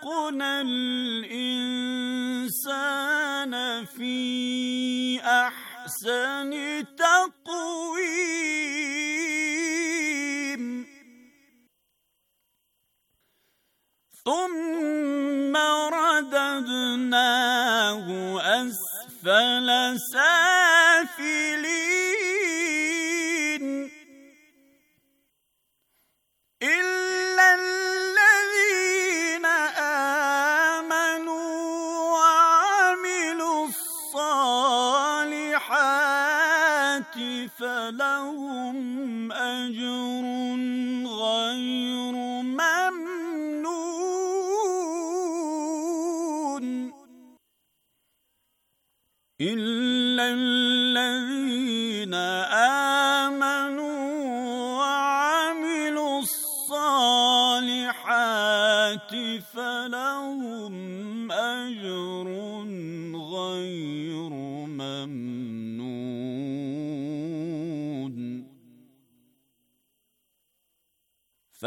خلقنا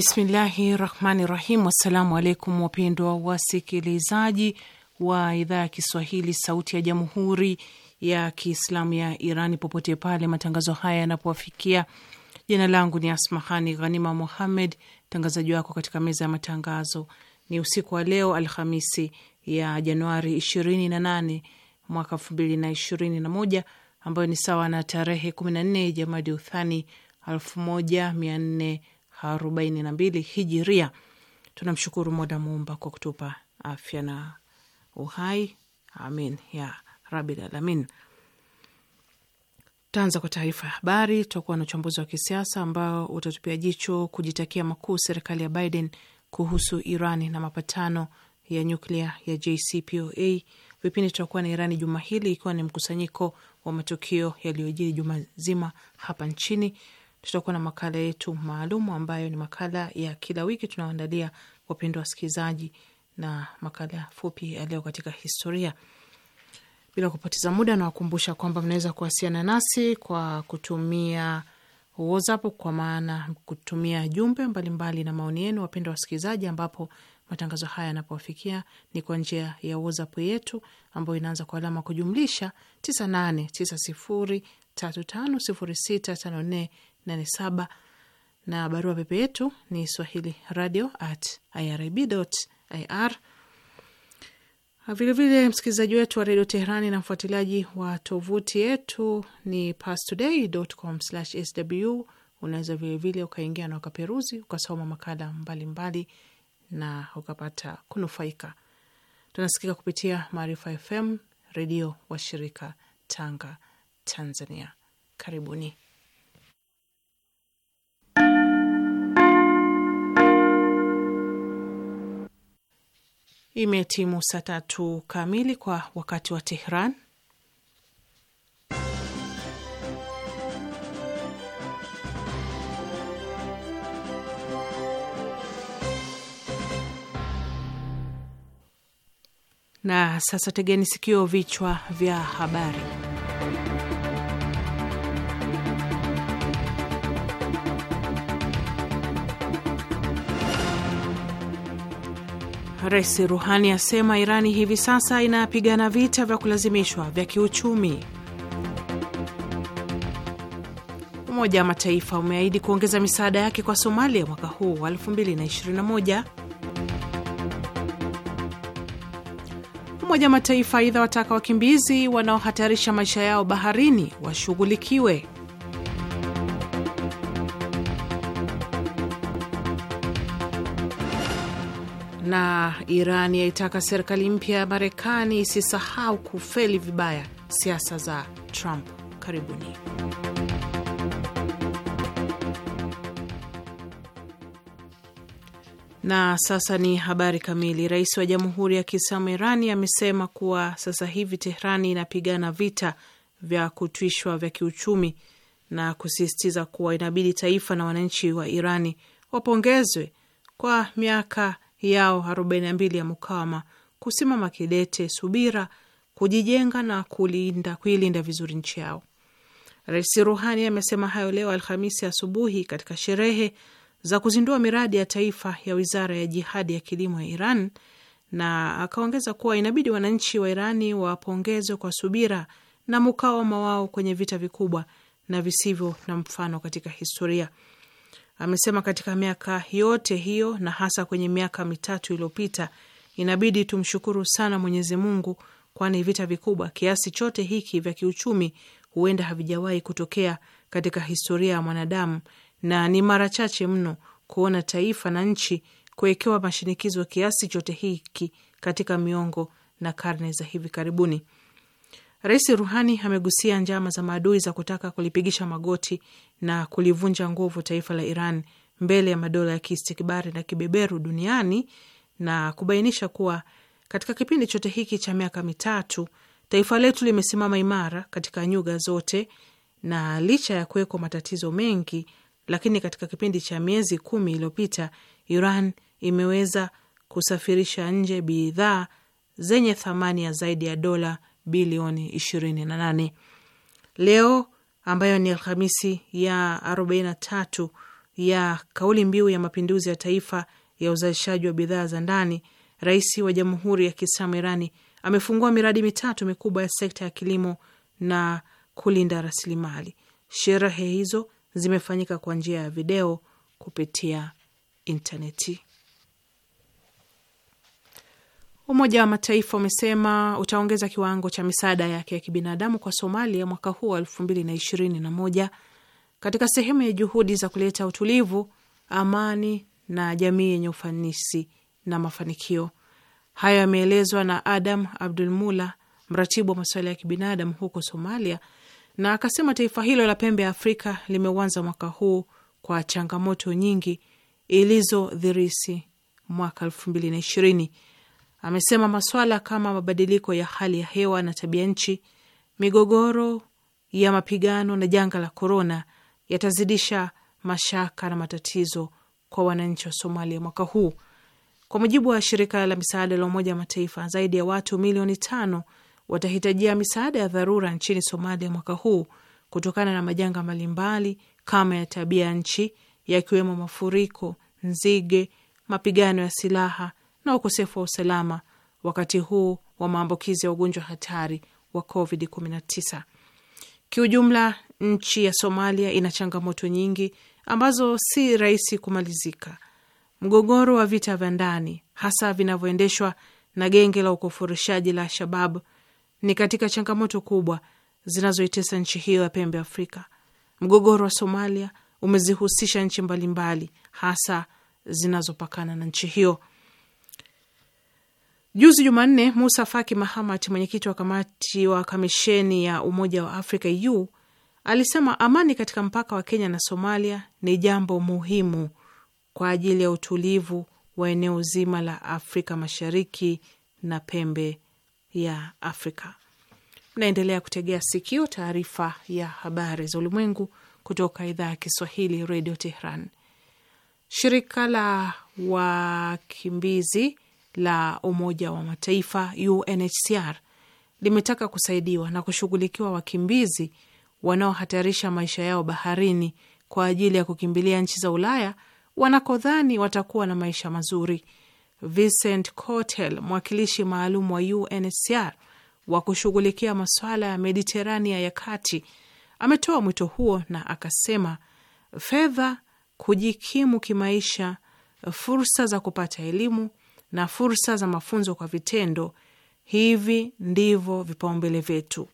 Bismillahi rahmani rahim. Wassalamu alaikum wapendwa wasikilizaji wa idhaa ya Kiswahili sauti ya jamhuri ya Kiislamu ya Irani popote pale matangazo haya yanapowafikia. Jina langu ni Asmahani Ghanima Muhammed, mtangazaji wako katika meza ya matangazo. Ni usiku wa leo Alhamisi ya Januari ishirini mwaka ambayo ni sawa na tarehe 14 Jamadi Uthani arobaini na mbili hijiria. Tunamshukuru Mola Muumba kwa kutupa afya na uhai, amin ya rabil alamin. Tutaanza kwa taarifa ya habari. Tutakuwa na uchambuzi wa kisiasa ambao utatupia jicho kujitakia makuu serikali ya Biden kuhusu Irani na mapatano ya nyuklia ya JCPOA. Vipindi tutakuwa na Irani juma hili, ikiwa ni mkusanyiko wa matukio yaliyojiri juma zima hapa nchini tutakuwa na makala yetu maalum ambayo ni makala ya kila wiki tunaoandalia wapendwa wasikilizaji, na makala fupi ya leo katika historia. Bila kupoteza muda, nawakumbusha kwamba mnaweza kuwasiliana nasi kwa kutumia WhatsApp, kwa maana kutumia jumbe mbalimbali na maoni yenu, wapendwa wasikilizaji, ambapo matangazo haya yanapowafikia ni kwa njia ya WhatsApp yetu ambayo inaanza kwa alama kujumlisha 9890350654 87 na barua pepe yetu ni swahili radio at irib ir. Ah, vilevile msikilizaji wetu wa redio Teherani na mfuatiliaji wa tovuti yetu ni pastoday.com sw. Unaweza vilevile ukaingia na ukaperuzi ukasoma makala mbalimbali mbali na ukapata kunufaika. Tunasikika kupitia Maarifa FM redio wa shirika Tanga, Tanzania. Karibuni. Imetimu saa tatu kamili kwa wakati wa Tehran. Na sasa tegeni sikio, vichwa vya habari. Rais Ruhani asema Irani hivi sasa inapigana vita vya kulazimishwa vya kiuchumi. Umoja wa Mataifa umeahidi kuongeza misaada yake kwa Somalia mwaka huu wa 2021. Umoja wa Mataifa aidha wataka wakimbizi wanaohatarisha maisha yao baharini washughulikiwe. na Iran yaitaka serikali mpya ya Marekani isisahau kufeli vibaya siasa za Trump. Karibuni. Na sasa ni habari kamili. Rais wa Jamhuri ya Kiislamu Irani amesema kuwa sasa hivi Tehrani inapigana vita vya kutwishwa vya kiuchumi na kusisitiza kuwa inabidi taifa na wananchi wa Irani wapongezwe kwa miaka yao 42 ya mukawama, kusimama kidete, subira, kujijenga na kuilinda kuilinda vizuri nchi yao. Rais Ruhani amesema hayo leo Alhamisi asubuhi katika sherehe za kuzindua miradi ya taifa ya wizara ya jihadi ya kilimo ya Iran, na akaongeza kuwa inabidi wananchi wa Irani wapongezwe kwa subira na mukawama wao kwenye vita vikubwa na visivyo na mfano katika historia. Amesema katika miaka yote hiyo na hasa kwenye miaka mitatu iliyopita, inabidi tumshukuru sana Mwenyezi Mungu, kwani vita vikubwa kiasi chote hiki vya kiuchumi huenda havijawahi kutokea katika historia ya mwanadamu, na ni mara chache mno kuona taifa na nchi kuwekewa mashinikizo kiasi chote hiki katika miongo na karne za hivi karibuni. Rais Ruhani amegusia njama za maadui za kutaka kulipigisha magoti na kulivunja nguvu taifa la Iran mbele ya madola ya kiistikbari na kibeberu duniani na kubainisha kuwa katika kipindi chote hiki cha miaka mitatu taifa letu limesimama imara katika nyuga zote, na licha ya kuwekwa matatizo mengi, lakini katika kipindi cha miezi kumi iliyopita Iran imeweza kusafirisha nje bidhaa zenye thamani ya zaidi ya dola bilioni 28. Leo ambayo ni Alhamisi ya 43 ya kauli mbiu ya mapinduzi ya taifa ya uzalishaji wa bidhaa za ndani, rais wa Jamhuri ya Kiislamu Irani amefungua miradi mitatu mikubwa ya sekta ya kilimo na kulinda rasilimali. Sherehe hizo zimefanyika kwa njia ya video kupitia intaneti. Umoja wa Mataifa umesema utaongeza kiwango cha misaada yake ya kibinadamu kwa Somalia mwaka huu wa elfu mbili na ishirini na moja katika sehemu ya juhudi za kuleta utulivu, amani na jamii yenye ufanisi na mafanikio. Hayo yameelezwa na Adam Abdul Mula, mratibu wa masuala ya kibinadamu huko Somalia, na akasema taifa hilo la pembe ya Afrika limeuanza mwaka huu kwa changamoto nyingi ilizodhirisi mwaka elfu mbili na ishirini Amesema maswala kama mabadiliko ya hali ya hewa na tabia nchi, migogoro ya mapigano na janga la korona yatazidisha mashaka na matatizo kwa wananchi wa Somalia mwaka huu. Kwa mujibu wa shirika la misaada la Umoja wa Mataifa, zaidi ya watu milioni tano watahitajia misaada ya dharura nchini Somalia mwaka huu kutokana na majanga mbalimbali kama ya tabia nchi, yakiwemo mafuriko, nzige, mapigano ya silaha na ukosefu wa usalama wakati huu wa maambukizi ya ugonjwa hatari wa COVID-19. Kiujumla, nchi ya Somalia ina changamoto nyingi ambazo si rahisi kumalizika. Mgogoro wa vita vya ndani, hasa vinavyoendeshwa na genge la ukufurishaji la shabab ni katika changamoto kubwa zinazoitesa nchi hiyo ya pembe Afrika. Mgogoro wa Somalia umezihusisha nchi mbalimbali, hasa zinazopakana na nchi hiyo. Juzi Jumanne, Musa Faki Mahamat, mwenyekiti wa kamati wa kamisheni ya Umoja wa Afrika e u alisema amani katika mpaka wa Kenya na Somalia ni jambo muhimu kwa ajili ya utulivu wa eneo zima la Afrika Mashariki na pembe ya Afrika. Mnaendelea kutegea sikio taarifa ya habari za ulimwengu kutoka idhaa ya Kiswahili, Redio Tehran. Shirika la wakimbizi la Umoja wa Mataifa UNHCR limetaka kusaidiwa na kushughulikiwa wakimbizi wanaohatarisha maisha yao baharini kwa ajili ya kukimbilia nchi za Ulaya wanakodhani watakuwa na maisha mazuri. Vincent Cotel, mwakilishi maalum wa UNHCR wa kushughulikia masuala ya Mediterania ya kati, ametoa mwito huo na akasema fedha, kujikimu kimaisha, fursa za kupata elimu na fursa za mafunzo kwa vitendo. Hivi ndivyo vipaumbele vyetu,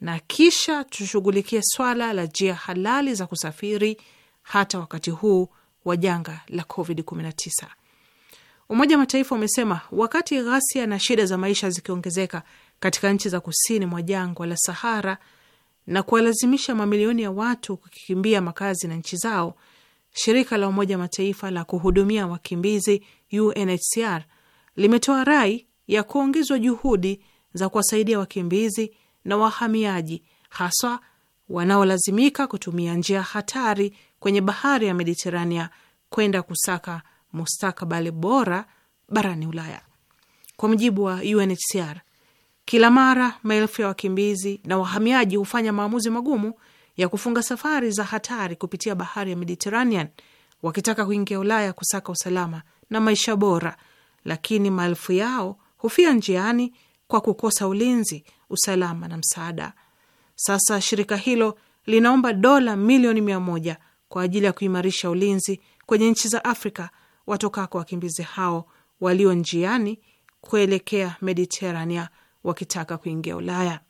na kisha tushughulikie swala la njia halali za kusafiri hata wakati huu wa janga la COVID-19. Umoja wa Mataifa umesema wakati ghasia na shida za maisha zikiongezeka katika nchi za kusini mwa jangwa la Sahara na kuwalazimisha mamilioni ya watu kukimbia makazi na nchi zao, shirika la Umoja Mataifa la kuhudumia wakimbizi UNHCR limetoa rai ya kuongezwa juhudi za kuwasaidia wakimbizi na wahamiaji haswa wanaolazimika kutumia njia hatari kwenye bahari ya Mediterania kwenda kusaka mustakabali bora barani Ulaya. Kwa mujibu wa UNHCR, kila mara maelfu ya wakimbizi na wahamiaji hufanya maamuzi magumu ya kufunga safari za hatari kupitia bahari ya Mediteranean wakitaka kuingia Ulaya kusaka usalama na maisha bora, lakini maelfu yao hufia njiani kwa kukosa ulinzi, usalama na msaada. Sasa shirika hilo linaomba dola milioni mia moja kwa ajili ya kuimarisha ulinzi kwenye nchi za Afrika watokako wakimbizi hao walio njiani kuelekea Mediterania wakitaka kuingia Ulaya.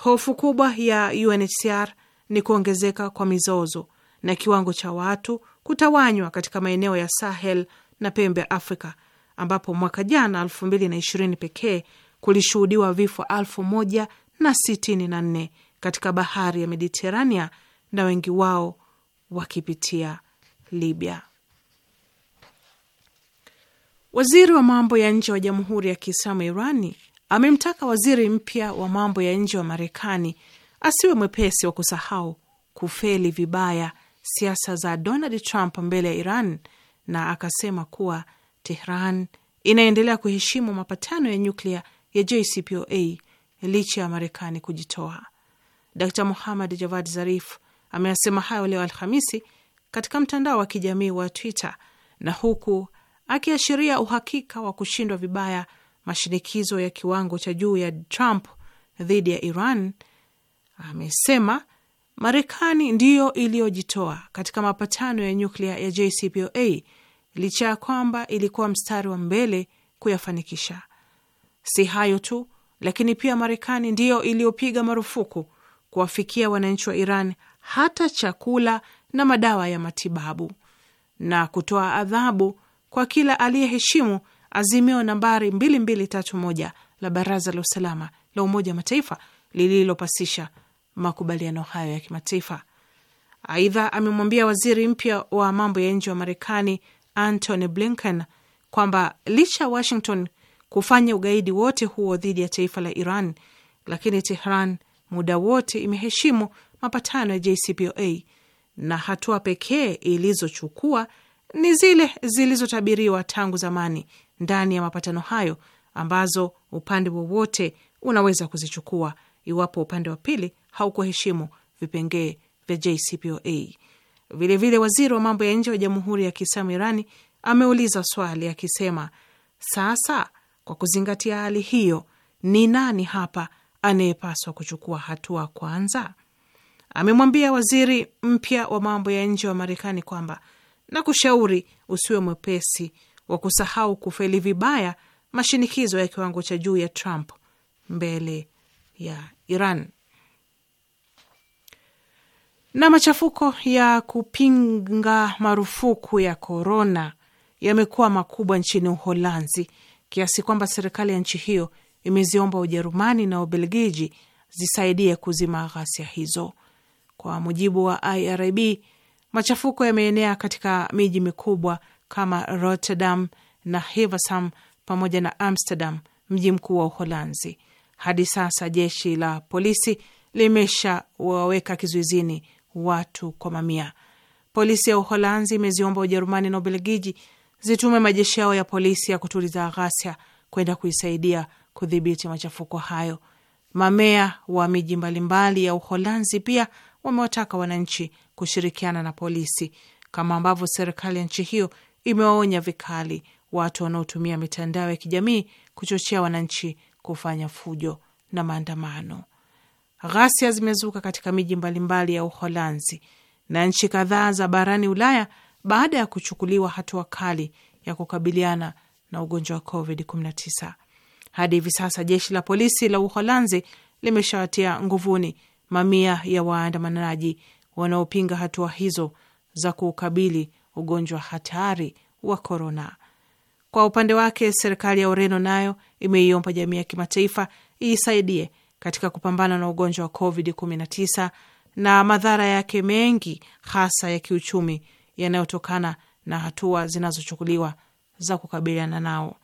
Hofu kubwa ya UNHCR ni kuongezeka kwa mizozo na kiwango cha watu kutawanywa katika maeneo ya Sahel na pembe ya Afrika, ambapo mwaka jana 2020 pekee kulishuhudiwa vifo 1064 katika bahari ya Mediterania na wengi wao wakipitia Libya. Waziri wa mambo ya nje wa Jamhuri ya Kiislamu Irani amemtaka waziri mpya wa mambo ya nje wa Marekani asiwe mwepesi wa kusahau kufeli vibaya siasa za Donald Trump mbele ya Iran, na akasema kuwa Tehran inaendelea kuheshimu mapatano ya nyuklia ya JCPOA licha ya Marekani kujitoa. Dr Muhamad Javad Zarif ameyasema hayo leo Alhamisi katika mtandao wa kijamii wa Twitter na huku akiashiria uhakika wa kushindwa vibaya mashinikizo ya kiwango cha juu ya Trump dhidi ya Iran, amesema Marekani ndiyo iliyojitoa katika mapatano ya nyuklia ya JCPOA licha ya kwamba ilikuwa mstari wa mbele kuyafanikisha. Si hayo tu, lakini pia Marekani ndiyo iliyopiga marufuku kuwafikia wananchi wa Iran hata chakula na madawa ya matibabu na kutoa adhabu kwa kila aliyeheshimu azimio nambari 2231 la Baraza la Usalama la Umoja wa Mataifa lililopasisha makubaliano hayo ya kimataifa. Aidha, amemwambia waziri mpya wa mambo ya nje wa Marekani Antony Blinken kwamba licha ya Washington kufanya ugaidi wote huo dhidi ya taifa la Iran, lakini Tehran muda wote imeheshimu mapatano ya JCPOA na hatua pekee ilizochukua ni zile zilizotabiriwa tangu zamani ndani ya mapatano hayo ambazo upande wowote unaweza kuzichukua iwapo upande wa pili haukuheshimu vipengee vya JCPOA. Vilevile, waziri wa mambo ya nje wa Jamhuri ya Kiislamu Irani ameuliza swali akisema, sasa kwa kuzingatia hali hiyo, ni nani hapa anayepaswa kuchukua hatua kwanza? Amemwambia waziri mpya wa mambo ya nje wa Marekani kwamba nakushauri usiwe mwepesi wa kusahau kufeli vibaya mashinikizo ya kiwango cha juu ya Trump mbele ya Iran na machafuko ya kupinga marufuku ya korona yamekuwa makubwa nchini Uholanzi kiasi kwamba serikali ya nchi hiyo imeziomba Ujerumani na Ubelgiji zisaidie kuzima ghasia hizo. Kwa mujibu wa IRIB, machafuko yameenea katika miji mikubwa kama Rotterdam na Hilversum pamoja na Amsterdam, mji mkuu wa Uholanzi. Hadi sasa jeshi la polisi limeshawaweka kizuizini watu kwa mamia. Polisi ya Uholanzi imeziomba Ujerumani na Ubelgiji zitume majeshi yao ya polisi ya kutuliza ghasia kwenda kuisaidia kudhibiti machafuko hayo. Mamea wa miji mbalimbali ya Uholanzi pia wamewataka wananchi kushirikiana na polisi kama ambavyo serikali ya nchi hiyo imewaonya vikali watu wanaotumia mitandao ya kijamii kuchochea wananchi kufanya fujo na maandamano. Ghasia zimezuka katika miji mbalimbali ya Uholanzi na nchi kadhaa za barani Ulaya baada ya kuchukuliwa hatua kali ya kukabiliana na ugonjwa wa COVID-19. Hadi hivi sasa jeshi la polisi la Uholanzi limeshawatia nguvuni mamia ya waandamanaji wanaopinga hatua hizo za kuukabili ugonjwa hatari wa korona. Kwa upande wake, serikali ya Ureno nayo imeiomba jamii ya kimataifa iisaidie katika kupambana na ugonjwa wa COVID-19 na madhara yake mengi, hasa ya kiuchumi, yanayotokana na hatua zinazochukuliwa za kukabiliana nao.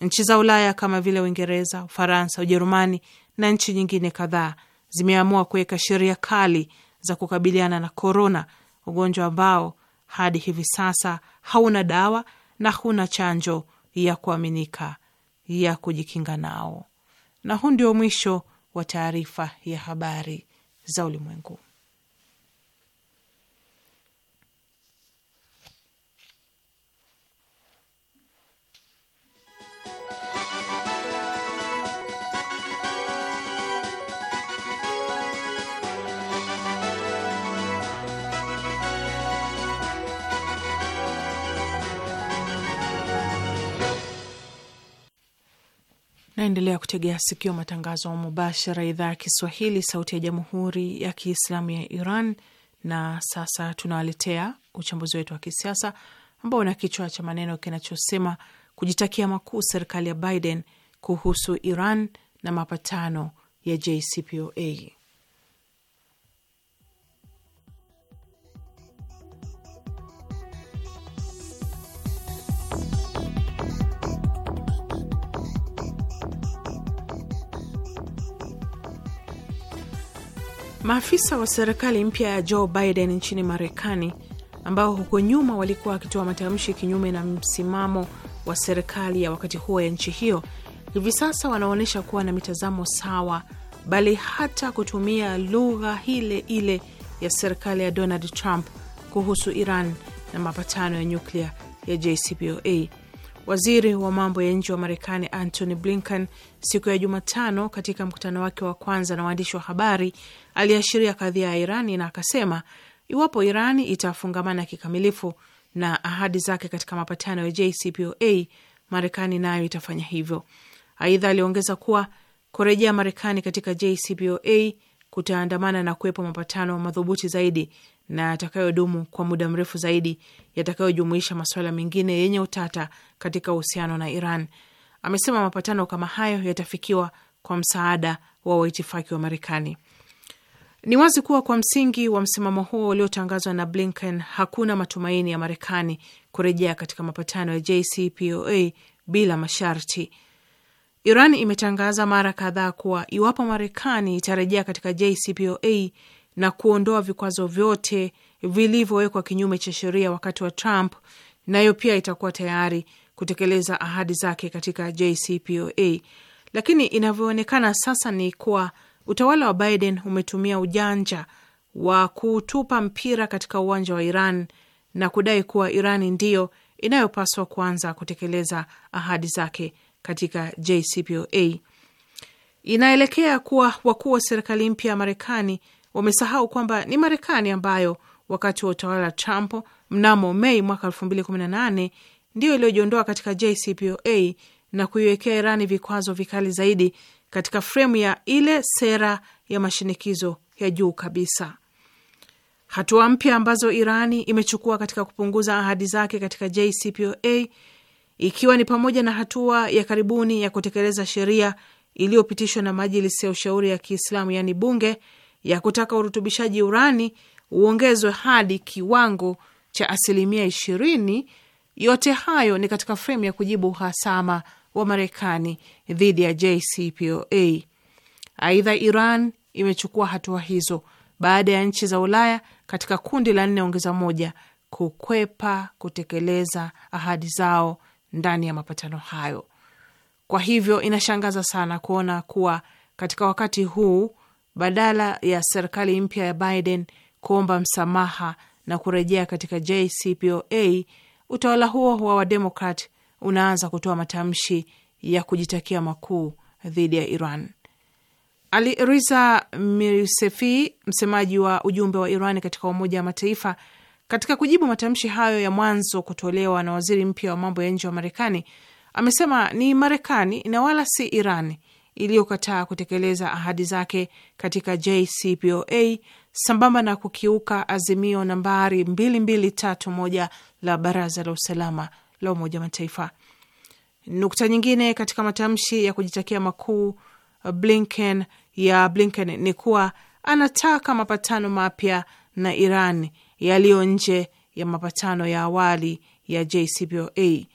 Nchi za Ulaya kama vile Uingereza, Ufaransa, Ujerumani na nchi nyingine kadhaa zimeamua kuweka sheria kali za kukabiliana na korona, ugonjwa ambao hadi hivi sasa hauna dawa na huna chanjo ya kuaminika ya kujikinga nao. Na huu ndio mwisho wa taarifa ya habari za ulimwengu. Naendelea kutegea sikio matangazo ya mubashara, idhaa ya Kiswahili, sauti ya jamhuri ya kiislamu ya Iran. Na sasa tunawaletea uchambuzi wetu wa kisiasa ambao una kichwa cha maneno kinachosema kujitakia makuu serikali ya Biden kuhusu Iran na mapatano ya JCPOA. Maafisa wa serikali mpya ya Joe Biden nchini Marekani, ambao huko nyuma walikuwa wakitoa matamshi kinyume na msimamo wa serikali ya wakati huo ya nchi hiyo, hivi sasa wanaonyesha kuwa na mitazamo sawa, bali hata kutumia lugha ile ile ya serikali ya Donald Trump kuhusu Iran na mapatano ya nyuklia ya JCPOA. Waziri wa mambo ya nje wa Marekani Antony Blinken siku ya Jumatano, katika mkutano wake wa kwanza na waandishi wa habari, aliashiria kadhia ya Irani na akasema iwapo Irani itafungamana kikamilifu na ahadi zake katika mapatano ya JCPOA, Marekani nayo itafanya hivyo. Aidha, aliongeza kuwa kurejea Marekani katika JCPOA kutaandamana na kuwepo mapatano madhubuti zaidi na yatakayodumu kwa muda mrefu zaidi yatakayojumuisha masuala mengine yenye utata katika uhusiano na Iran. Amesema mapatano kama hayo yatafikiwa kwa msaada wa waitifaki wa Marekani. Ni wazi kuwa kwa msingi wa msimamo huo uliotangazwa na Blinken, hakuna matumaini ya Marekani kurejea katika mapatano ya JCPOA bila masharti, Iran imetangaza mara kadhaa kuwa iwapo Marekani itarejea katika JCPOA na kuondoa vikwazo vyote vilivyowekwa kinyume cha sheria wakati wa Trump, nayo pia itakuwa tayari kutekeleza ahadi zake katika JCPOA. Lakini inavyoonekana sasa ni kuwa utawala wa Biden umetumia ujanja wa kutupa mpira katika uwanja wa Iran na kudai kuwa Iran ndiyo inayopaswa kuanza kutekeleza ahadi zake katika JCPOA. Inaelekea kuwa wakuu wa serikali mpya ya Marekani wamesahau kwamba ni Marekani ambayo wakati wa utawala wa Trump mnamo Mei mwaka 2018 ndiyo iliyojiondoa katika JCPOA na kuiwekea Irani vikwazo vikali zaidi katika fremu ya ile sera ya mashinikizo ya juu kabisa. Hatua mpya ambazo Irani imechukua katika kupunguza ahadi zake katika JCPOA ikiwa ni pamoja na hatua ya karibuni ya kutekeleza sheria iliyopitishwa na Majilisi ya Ushauri ya Kiislamu, yaani bunge, ya kutaka urutubishaji urani uongezwe hadi kiwango cha asilimia ishirini. Yote hayo ni katika fremu ya kujibu uhasama wa Marekani dhidi ya JCPOA. Aidha, Iran imechukua hatua hizo baada ya nchi za Ulaya katika kundi la nne ongeza moja kukwepa kutekeleza ahadi zao ndani ya mapatano hayo. Kwa hivyo inashangaza sana kuona kuwa katika wakati huu badala ya serikali mpya ya Biden kuomba msamaha na kurejea katika JCPOA, utawala huo wa Wademokrat unaanza kutoa matamshi ya kujitakia makuu dhidi ya Iran. Ali Riza Mirsefi, msemaji wa ujumbe wa Iran katika Umoja wa Mataifa, katika kujibu matamshi hayo ya mwanzo kutolewa na waziri mpya wa mambo ya nje wa Marekani, amesema ni Marekani na wala si Iran iliyokataa kutekeleza ahadi zake katika JCPOA sambamba na kukiuka azimio nambari 2231 la Baraza la Usalama la Umoja wa Mataifa. Nukta nyingine katika matamshi ya kujitakia makuu uh, Blinken ya Blinken ni kuwa anataka mapatano mapya na Iran yaliyo nje ya mapatano ya awali ya JCPOA.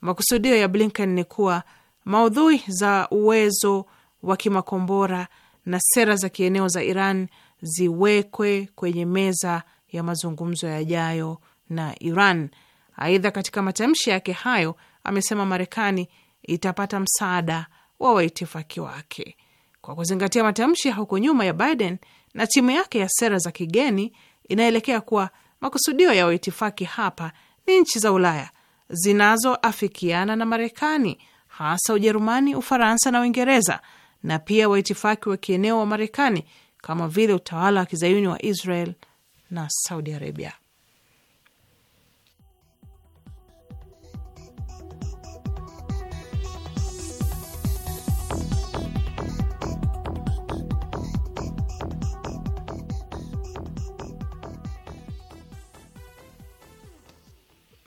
Makusudio ya Blinken ni kuwa maudhui za uwezo wa kimakombora na sera za kieneo za Iran ziwekwe kwenye meza ya mazungumzo yajayo na Iran. Aidha, katika matamshi yake hayo amesema Marekani itapata msaada wa waitifaki wake. Kwa kuzingatia matamshi ya huko nyuma ya Biden na timu yake ya sera za kigeni, inaelekea kuwa makusudio ya waitifaki hapa ni nchi za Ulaya zinazoafikiana na Marekani, hasa Ujerumani, Ufaransa na Uingereza, na pia waitifaki wa kieneo wa Marekani kama vile utawala wa kizayuni wa Israel na Saudi Arabia.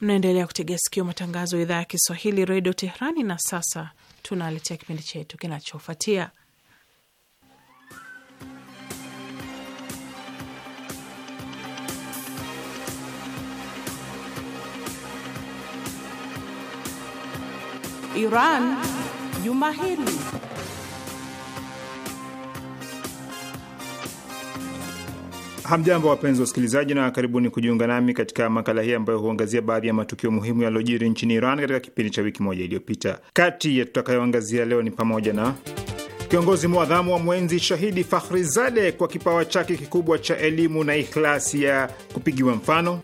Mnaendelea kutegea sikio matangazo ya idhaa ya Kiswahili redio Teherani. Na sasa tunaletea kipindi chetu kinachofuatia Iran juma hili. Hamjambo, wapenzi wasikilizaji, na karibuni kujiunga nami katika makala hii ambayo huangazia baadhi ya matukio muhimu yaliyojiri nchini Iran katika kipindi cha wiki moja iliyopita. Kati ya tutakayoangazia leo ni pamoja na kiongozi mwadhamu wa mwenzi shahidi Fakhrizade kwa kipawa chake kikubwa cha elimu na ikhlasi ya kupigiwa mfano.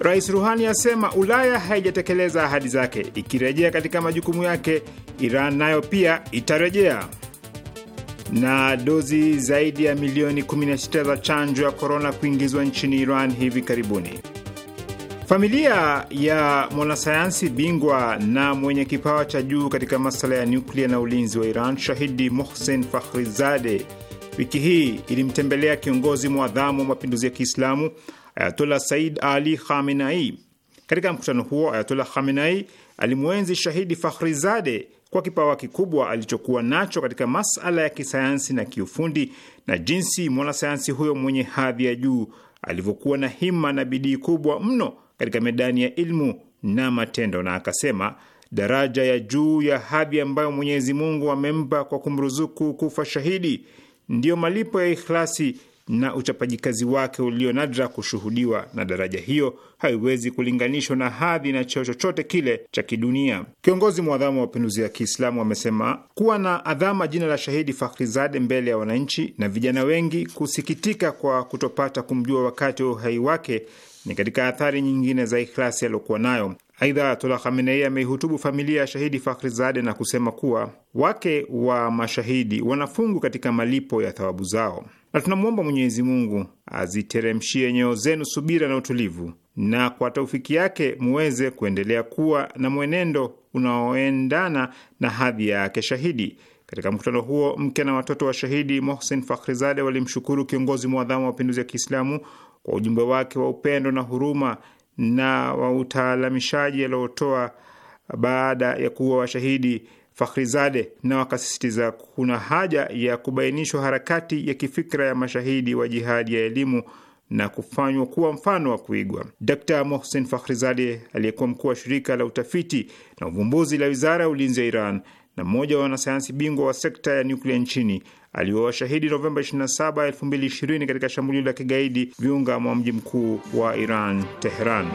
Rais Ruhani asema Ulaya haijatekeleza ahadi zake, ikirejea katika majukumu yake Iran nayo pia itarejea na dozi zaidi ya milioni 16 za chanjo ya korona kuingizwa nchini Iran hivi karibuni. Familia ya mwanasayansi bingwa na mwenye kipawa cha juu katika masuala ya nyuklia na ulinzi wa Iran, Shahidi Mohsen Fakhrizade, wiki hii ilimtembelea kiongozi mwadhamu wa mapinduzi ya Kiislamu Ayatollah Said Ali Khamenai. Katika mkutano huo, Ayatollah Khamenai alimwenzi Shahidi Fakhrizade kwa kipawa kikubwa alichokuwa nacho katika masala ya kisayansi na kiufundi na jinsi mwanasayansi huyo mwenye hadhi ya juu alivyokuwa na hima na bidii kubwa mno katika medani ya ilmu na matendo, na akasema daraja ya juu ya hadhi ambayo Mwenyezi Mungu amempa kwa kumruzuku kufa shahidi ndiyo malipo ya ikhlasi na uchapaji kazi wake ulio nadra kushuhudiwa, na daraja hiyo haiwezi kulinganishwa na hadhi na cheo chochote kile cha kidunia. Kiongozi mwadhamu wa mapinduzi ya Kiislamu amesema kuwa na adhama jina la shahidi Fakhrizade mbele ya wananchi na vijana wengi kusikitika kwa kutopata kumjua wakati wa uhai wake ni katika athari nyingine za ikhlasi aliyokuwa nayo. Aidha, tola Khamenei ameihutubu familia ya shahidi zade na kusema kuwa wake wa mashahidi wanafungu katika malipo ya thawabu zao, na tunamwomba Mwenyezi Mungu aziteremshie nyoyo zenu subira na utulivu, na kwa taufiki yake muweze kuendelea kuwa na mwenendo unaoendana na hadhi yake shahidi. Katika mkutano huo, mke na watoto wa shahidi Mohsen Fakhrizade walimshukuru kiongozi mwadhamu wa mapinduzi ya Kiislamu kwa ujumbe wake wa upendo na huruma na wa utaalamishaji aliotoa baada ya kuwa washahidi Fakhrizade, na wakasisitiza kuna haja ya kubainishwa harakati ya kifikra ya mashahidi wa jihadi ya elimu na kufanywa kuwa mfano wa kuigwa. Dkt Mohsen Fakhrizade, aliyekuwa mkuu wa shirika la utafiti na uvumbuzi la wizara ya ulinzi ya Iran, na mmoja wa wanasayansi bingwa wa sekta ya nyuklia nchini aliowashahidi Novemba 27, 2020 katika shambulio la kigaidi viunga mwa mji mkuu wa Iran, Teheran.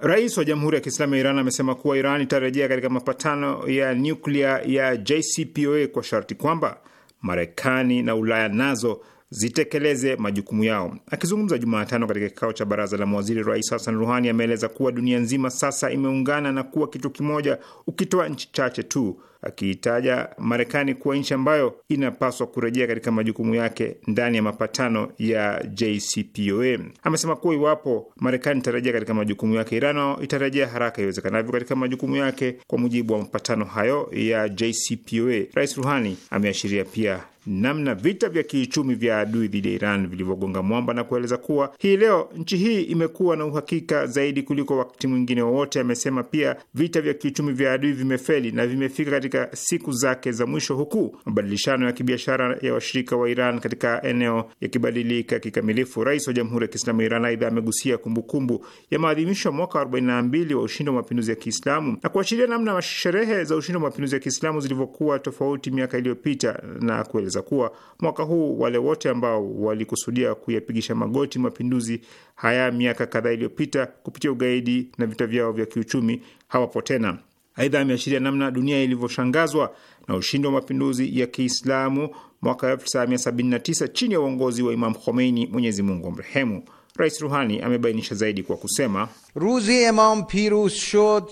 Rais wa Jamhuri ya Kiislamu ya Iran amesema kuwa Iran itarejea katika mapatano ya nyuklia ya JCPOA kwa sharti kwamba Marekani na Ulaya nazo zitekeleze majukumu yao. Akizungumza Jumatano katika kikao cha baraza la mawaziri, Rais Hassan Ruhani ameeleza kuwa dunia nzima sasa imeungana na kuwa kitu kimoja, ukitoa nchi chache tu, akiitaja Marekani kuwa nchi ambayo inapaswa kurejea katika majukumu yake ndani ya mapatano ya JCPOA. Amesema kuwa iwapo Marekani itarejea katika majukumu yake, Iran itarejea haraka iwezekanavyo katika majukumu yake kwa mujibu wa mapatano hayo ya JCPOA. Rais Ruhani ameashiria pia namna vita vya kiuchumi vya adui dhidi ya Iran vilivyogonga mwamba na kueleza kuwa hii leo nchi hii imekuwa na uhakika zaidi kuliko wakati mwingine wowote. Amesema pia vita vya kiuchumi vya adui vimefeli na vimefika katika siku zake za mwisho, huku mabadilishano ya kibiashara ya washirika wa Iran katika eneo yakibadilika kikamilifu. Rais wa Jamhuri ya Kiislamu ya Iran aidha amegusia kumbukumbu ya maadhimisho ya mwaka 42 wa ushindi wa mapinduzi ya Kiislamu na kuashiria namna sherehe za ushindi wa mapinduzi ya Kiislamu zilivyokuwa tofauti miaka iliyopita na kueleza kuongeza kuwa mwaka huu wale wote ambao walikusudia kuyapigisha magoti mapinduzi haya miaka kadhaa iliyopita kupitia ugaidi na vita vyao vya kiuchumi hawapo tena. Aidha, ameashiria namna dunia ilivyoshangazwa na ushindi wa mapinduzi ya Kiislamu mwaka 1979 chini ya uongozi wa Imam Khomeini, Mwenyezi Mungu amrehemu. Rais Ruhani amebainisha zaidi kwa kusema, ruzi imam Pirus shod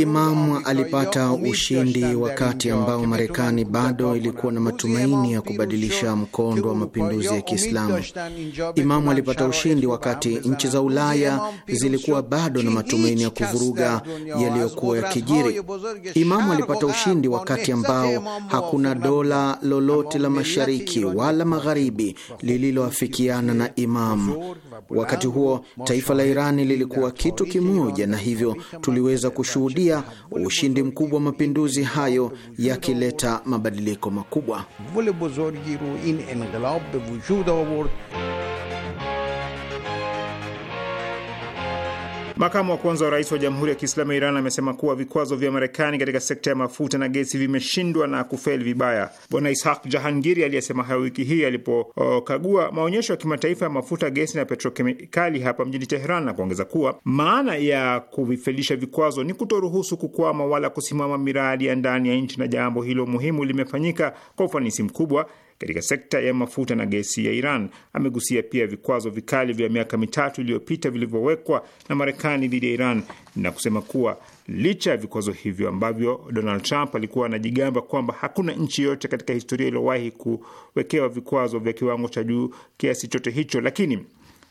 Imamu alipata ushindi wakati ambao Marekani bado ilikuwa na matumaini ya kubadilisha mkondo wa mapinduzi ya Kiislamu. Imamu alipata ushindi wakati nchi za Ulaya zilikuwa bado na matumaini ya kuvuruga yaliyokuwa ya kijiri. Imamu alipata ushindi wakati ambao hakuna dola lolote la mashariki wala magharibi lililoafikiana na Imamu. Wakati huo taifa la Irani lilikuwa kitu kimoja, na hivyo tuliweza kushu kushuhudia ushindi mkubwa wa mapinduzi hayo yakileta mabadiliko makubwa. Makamu wa kwanza wa rais wa Jamhuri ya Kiislamu ya Iran amesema kuwa vikwazo vya Marekani katika sekta ya mafuta na gesi vimeshindwa na kufeli vibaya. Bwana Ishaq Jahangiri aliyesema hayo wiki hii alipokagua maonyesho ya kimataifa ya mafuta, gesi na petrokemikali hapa mjini Teheran, na kuongeza kuwa maana ya kuvifelisha vikwazo ni kutoruhusu kukwama wala kusimama miradi ya ndani ya nchi, na jambo hilo muhimu limefanyika kwa ufanisi mkubwa katika sekta ya mafuta na gesi ya Iran. Amegusia pia vikwazo vikali vya miaka mitatu iliyopita vilivyowekwa na Marekani dhidi ya Iran na kusema kuwa licha ya vikwazo hivyo ambavyo Donald Trump alikuwa anajigamba kwamba hakuna nchi yoyote katika historia iliyowahi kuwekewa vikwazo vya kiwango cha juu kiasi chote hicho, lakini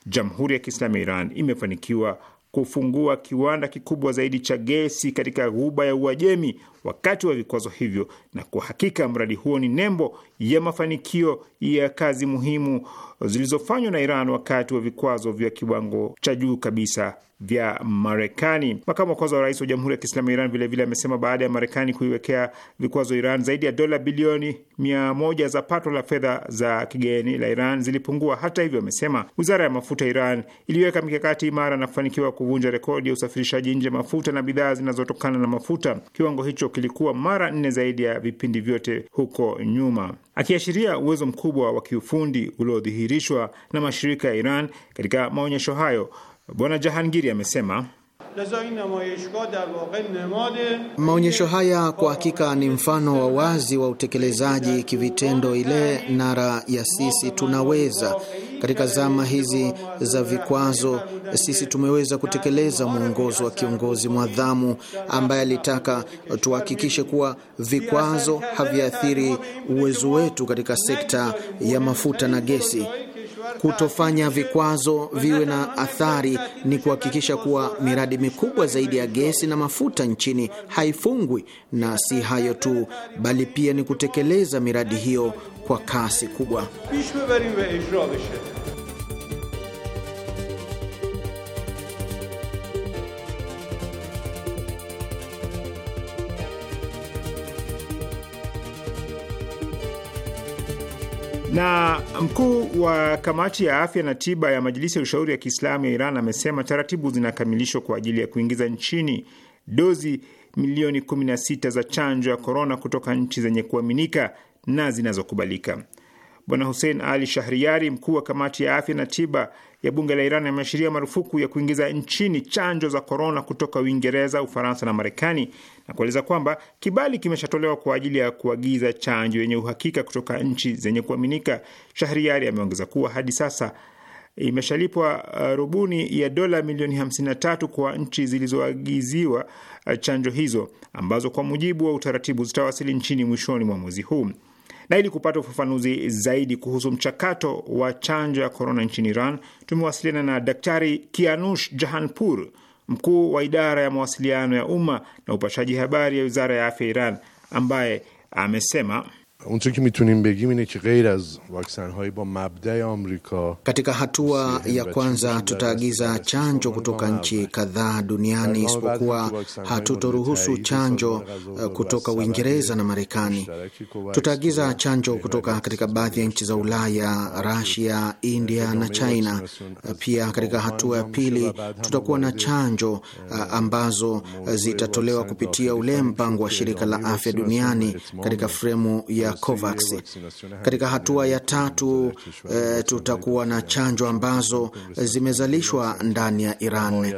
Jamhuri ya Kiislamu ya Iran imefanikiwa kufungua kiwanda kikubwa zaidi cha gesi katika Ghuba ya Uajemi wakati wa vikwazo hivyo, na kwa hakika mradi huo ni nembo ya mafanikio ya kazi muhimu zilizofanywa na Iran wakati wa vikwazo vya kiwango cha juu kabisa vya Marekani. Makamu wa kwanza wa rais wa Jamhuri ya Kiislamu ya Iran vilevile amesema baada ya Marekani kuiwekea vikwazo Iran, zaidi ya dola bilioni mia moja za pato la fedha za kigeni la Iran zilipungua. Hata hivyo, amesema wizara ya mafuta Iran iliweka mikakati imara na kufanikiwa kuvunja rekodi ya usafirishaji nje mafuta na bidhaa zinazotokana na mafuta. Kiwango hicho kilikuwa mara nne zaidi ya vipindi vyote huko nyuma, akiashiria uwezo mkubwa wa kiufundi uliodhihirishwa na mashirika ya Iran katika maonyesho hayo. Bwana Jahangiri amesema Maonyesho haya kwa hakika ni mfano wa wazi wa utekelezaji kivitendo ile nara ya sisi tunaweza. Katika zama hizi za vikwazo, sisi tumeweza kutekeleza mwongozo wa kiongozi mwadhamu ambaye alitaka tuhakikishe kuwa vikwazo haviathiri uwezo wetu katika sekta ya mafuta na gesi kutofanya vikwazo viwe na athari ni kuhakikisha kuwa miradi mikubwa zaidi ya gesi na mafuta nchini haifungwi, na si hayo tu, bali pia ni kutekeleza miradi hiyo kwa kasi kubwa. Na mkuu wa kamati ya afya na tiba ya Majilisi ya Ushauri ya Kiislamu ya Iran amesema taratibu zinakamilishwa kwa ajili ya kuingiza nchini dozi milioni 16 za chanjo ya korona kutoka nchi zenye kuaminika na zinazokubalika. Bwana Hussein Ali Shahriari, mkuu wa kamati ya afya na tiba ya bunge la Iran, ameashiria marufuku ya kuingiza nchini chanjo za korona kutoka Uingereza, Ufaransa na Marekani na kueleza kwamba kibali kimeshatolewa kwa ajili ya kuagiza chanjo yenye uhakika kutoka nchi zenye kuaminika. Shahriari ameongeza kuwa hadi sasa imeshalipwa uh, rubuni ya dola milioni 53 kwa nchi zilizoagiziwa uh, chanjo hizo ambazo kwa mujibu wa utaratibu zitawasili nchini mwishoni mwa mwezi huu. Na ili kupata ufafanuzi zaidi kuhusu mchakato wa chanjo ya korona nchini Iran, tumewasiliana na Daktari Kianush Jahanpur, mkuu wa idara ya mawasiliano ya umma na upashaji habari ya wizara ya afya ya Iran, ambaye amesema اونچه که میتونیم بگیم اینه که غیر واکسن vaksinهای با mabda آمریکا Katika hatua ya kwanza tutaagiza chanjo kutoka nchi kadhaa duniani isipokuwa hatutoruhusu chanjo kutoka Uingereza na Marekani. Tutaagiza chanjo kutoka katika baadhi ya nchi za Ulaya, Russia, India na China. Pia katika hatua ya pili tutakuwa na chanjo ambazo zitatolewa kupitia ule mpango wa shirika la afya duniani katika fremu ya COVAX. Katika hatua ya tatu, e, tutakuwa na chanjo ambazo zimezalishwa ndani ya Iran.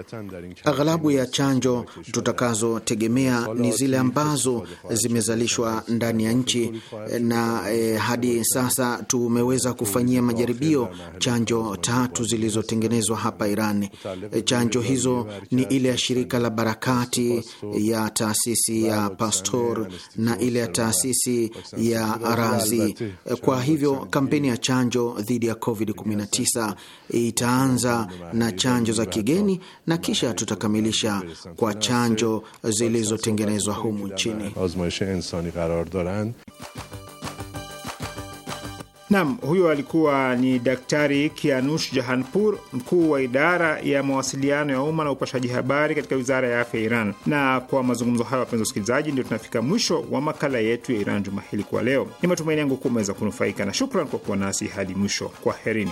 Aghalabu ya chanjo tutakazotegemea ni zile ambazo zimezalishwa ndani ya nchi na e, hadi sasa tumeweza kufanyia majaribio chanjo tatu zilizotengenezwa hapa Iran. Eh, chanjo hizo ni ile ya shirika la Barakati, ya taasisi ya pastor na ile ya taasisi ya ya razi. Eh, kwa hivyo kampeni ya chanjo dhidi ya COVID-19 itaanza na chanjo za kigeni na kisha tutakamilisha kwa chanjo zilizotengenezwa humu nchini. Nam, huyo alikuwa ni Daktari Kianush Jahanpur, mkuu wa idara ya mawasiliano ya umma na upashaji habari katika wizara ya afya ya Iran. Na kwa mazungumzo hayo, wapenzi wasikilizaji, ndio tunafika mwisho wa makala yetu ya Iran juma hili kwa leo. Ni matumaini yangu kuwa umeweza kunufaika, na shukran kwa kuwa nasi hadi mwisho. Kwaherini.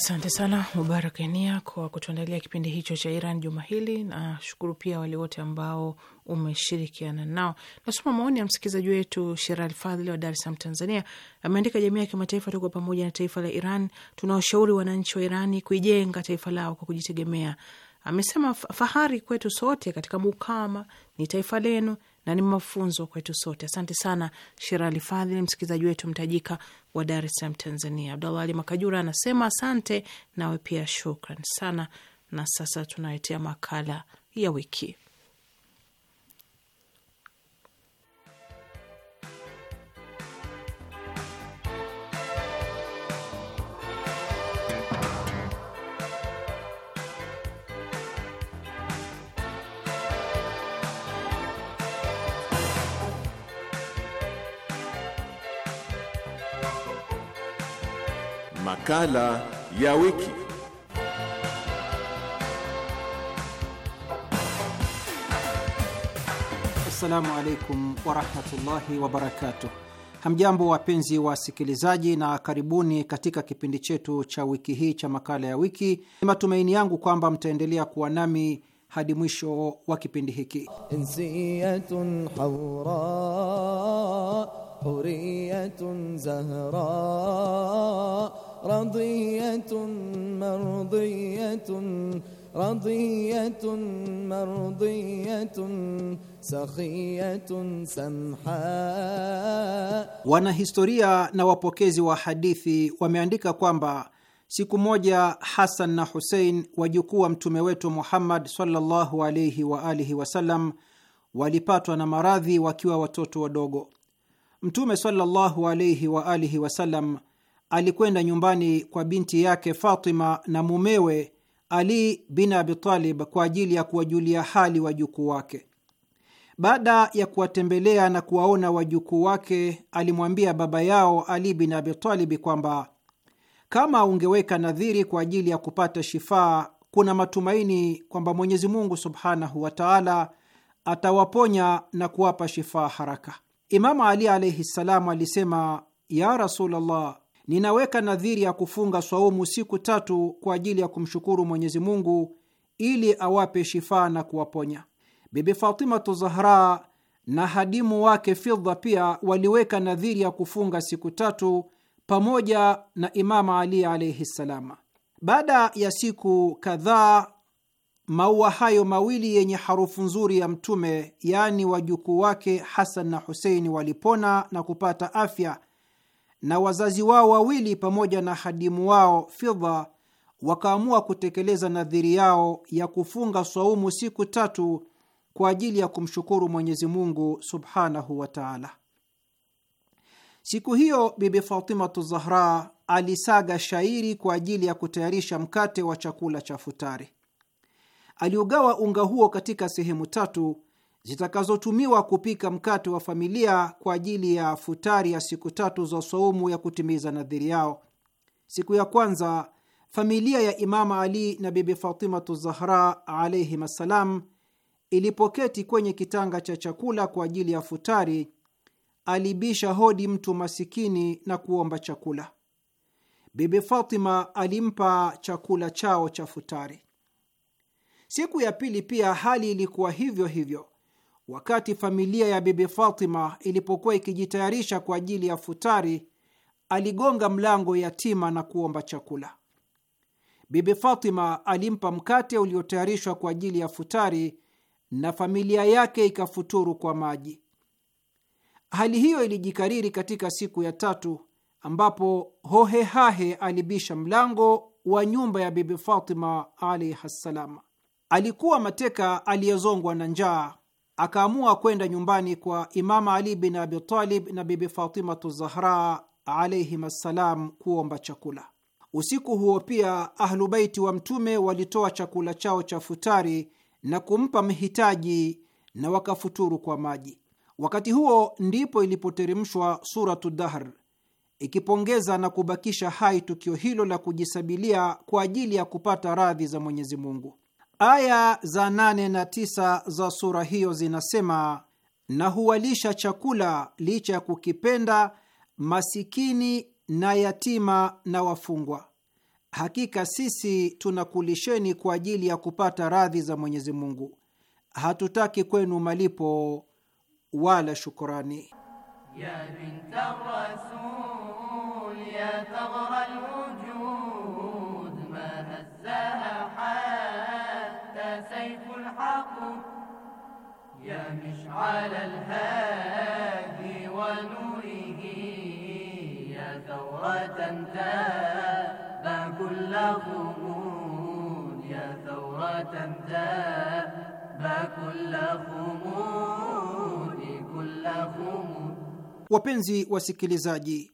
Asante sana Mubarak Enia kwa kutuandalia kipindi hicho cha Iran juma hili. Nashukuru pia wale wote ambao umeshirikiana nao. Nasoma maoni ya msikilizaji wetu Sherali Fadhili wa Dar es Salaam, Tanzania. Ameandika, jamii ya kimataifa, tuko pamoja na taifa la Iran. Tunawashauri wananchi wa Irani kuijenga taifa lao kwa kujitegemea. Amesema fahari kwetu sote katika mukama ni taifa lenu, na ni mafunzo kwetu sote. Asante sana Shirali Fadhili, msikilizaji wetu mtajika wa Dar es Salaam, Tanzania. Abdallah Ali Makajura anasema asante, nawe pia shukran sana. Na sasa tunaletea makala ya wiki Makala ya wiki. Assalamu alaikum warahmatullahi wabarakatuh. Hamjambo wapenzi wa wasikilizaji, na karibuni katika kipindi chetu cha wiki hii cha makala ya wiki. Ni matumaini yangu kwamba mtaendelea kuwa nami hadi mwisho wa kipindi hiki. Huriyatun zahra رضية مرضية رضية مرضية سخية سمحاء Wanahistoria na wapokezi wa hadithi wameandika kwamba siku moja Hasan na Husein, wajukuu wa mtume wetu Muhammad sallallahu alaihi wa alihi wasallam, walipatwa na maradhi wakiwa watoto wadogo. Mtume sallallahu alaihi wa alihi wasallam alikwenda nyumbani kwa binti yake Fatima na mumewe Ali bin Abi Talib kwa ajili ya kuwajulia hali wajukuu wake. Baada ya kuwatembelea na kuwaona wajukuu wake, alimwambia baba yao Ali bin Abi Talib kwamba kama ungeweka nadhiri kwa ajili ya kupata shifaa, kuna matumaini kwamba Mwenyezi Mungu subhanahu wa taala atawaponya na kuwapa shifaa haraka. Imamu Ali alaihi ssalam alisema, ya Rasulullah, ninaweka nadhiri ya kufunga swaumu siku tatu kwa ajili ya kumshukuru Mwenyezi Mungu ili awape shifaa na kuwaponya. Bibi Fatimatu Zahra na hadimu wake Fidha pia waliweka nadhiri ya kufunga siku tatu pamoja na Imama Ali alaihi ssalama Baada ya siku kadhaa, maua hayo mawili yenye harufu nzuri ya Mtume, yaani wajukuu wake Hasan na Huseini, walipona na kupata afya na wazazi wao wawili pamoja na hadimu wao Fidha wakaamua kutekeleza nadhiri yao ya kufunga swaumu siku tatu kwa ajili ya kumshukuru Mwenyezi Mungu subhanahu wa taala. Siku hiyo Bibi Fatimatu Zahra alisaga shairi kwa ajili ya kutayarisha mkate wa chakula cha futari. Aliugawa unga huo katika sehemu tatu zitakazotumiwa kupika mkate wa familia kwa ajili ya futari ya siku tatu za saumu ya kutimiza nadhiri yao. Siku ya kwanza familia ya Imama Ali na Bibi Fatimatu Zahra alaihim assalam ilipoketi kwenye kitanga cha chakula kwa ajili ya futari, alibisha hodi mtu masikini na kuomba chakula. Bibi Fatima alimpa chakula chao cha futari. Siku ya pili pia hali ilikuwa hivyo hivyo, Wakati familia ya Bibi Fatima ilipokuwa ikijitayarisha kwa ajili ya futari, aligonga mlango yatima na kuomba chakula. Bibi Fatima alimpa mkate uliotayarishwa kwa ajili ya futari na familia yake ikafuturu kwa maji. Hali hiyo ilijikariri katika siku ya tatu, ambapo hohehahe alibisha mlango wa nyumba ya Bibi Fatima alaihi ssalam. Alikuwa mateka aliyezongwa na njaa akaamua kwenda nyumbani kwa Imama Ali bin Abi Talib na Bibi Fatimatu Zahra alaihim assalam kuomba chakula. Usiku huo pia Ahlubaiti wa Mtume walitoa chakula chao cha futari na kumpa mhitaji na wakafuturu kwa maji. Wakati huo ndipo ilipoteremshwa Suratu Dahr ikipongeza na kubakisha hai tukio hilo la kujisabilia kwa ajili ya kupata radhi za Mwenyezi Mungu. Aya za nane na tisa za sura hiyo zinasema, na huwalisha chakula licha ya kukipenda masikini na yatima na wafungwa. Hakika sisi tunakulisheni kwa ajili ya kupata radhi za Mwenyezi Mungu, hatutaki kwenu malipo wala shukurani ya binta rasul ya سيف الحق يا مشعل الهادي ونوره يا ثورة تابى كل غموض يا ثورة تابى كل غموض كل غموض Wapenzi wasikilizaji,